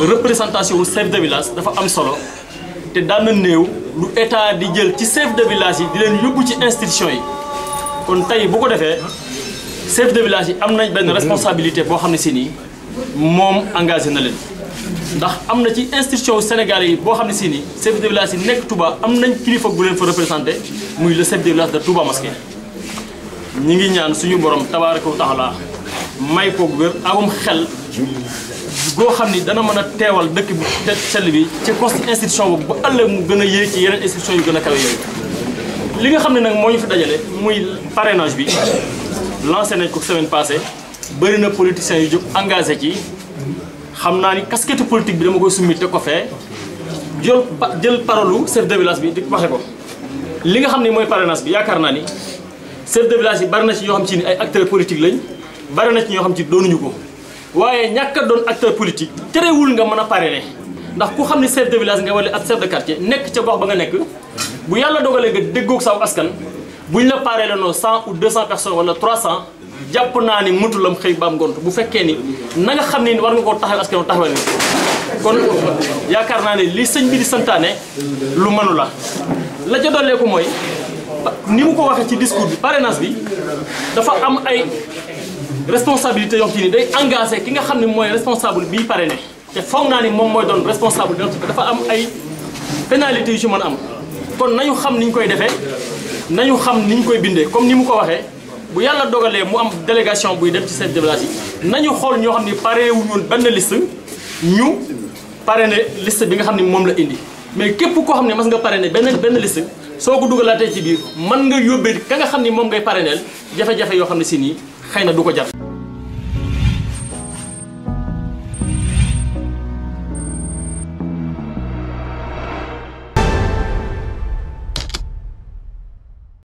représentation du chef de village dafa am solo te da na néw lu état di jël ci chef de village yi di len yóbbu ci institution yi kon tay bu ko défé chef de village yi am nañ ben responsabilité bo xam ci ni mom engagé na le. ndax am na ci institution sénégalais yi bo xam ci ni chef de village yi nekk Touba am nañ kilifa bu len fa représenter muy le chef de village de Touba Mosquée ñi ngi ñaan suñu borom tabaaraka taala may ko wér awum xel goo xam ni dana mën a teewal dëkk bi sell bi ci poste institution boobu ba ëllëg mu gën a yéeg ci yeneen institution yu gën a kawe yooyu li nga xam ne nag moo ñu fi dajale muy parrainage bi lancé nañ ko semaine passée bëri na politiciens yu jóg engagé ci xam naa ni casquette politique bi dama koy summi te ko fee jël jël parolu chef de bi di waxe ko li nga xam ne mooy parrainage bi yaakaar naa ni chef de village yi bari na ci yoo xam ci ni ay acteurs politiques lañ bari na ci ñoo xam ci doonuñu ko waaye ñàkk a doon acteur politique terewul nga mën a parrainer ndax ku xam ne chef de village nga wala ak chef de quartier nekk ca boo ba nga nekk bu yàlla dogalee nga déggoog saw askan bu buñ la parrainé noo 100 ou 200 personnes wala 300 jàpp naa ni mutulam xëy baam ngont bu fekkee ni na nga xam ne war nga koo taxaw askan wi taxawal kon yaakaar naa ne li sëñ bi di santaane lu manu la la ca ko mooy ni mu ko waxee ci discours bi pare parrainage bi dafa am ay responsabilité yo fini day engager ki nga xam moy mooy responsable bii parrainé té foog naa ni moom mooy doon responsable bi dafa am ay pénalité yu ci mën am kon nañu xam ni ñu koy défé nañu xam ni ñu koy bindé comme ni mu ko waxé bu yalla dogalé mu am délégation buy dem ci cette déplacé nañu xol ñoo xam paré wu ñun ben liste ñu parrainé liste bi nga xam mom la indi mais képp ko xam mas nga parrainé benn ben liste soko ko ci biir man nga yobé ka nga xam mom ngay parrainel jafé jafé yo xam ci ni xeyna du ko jar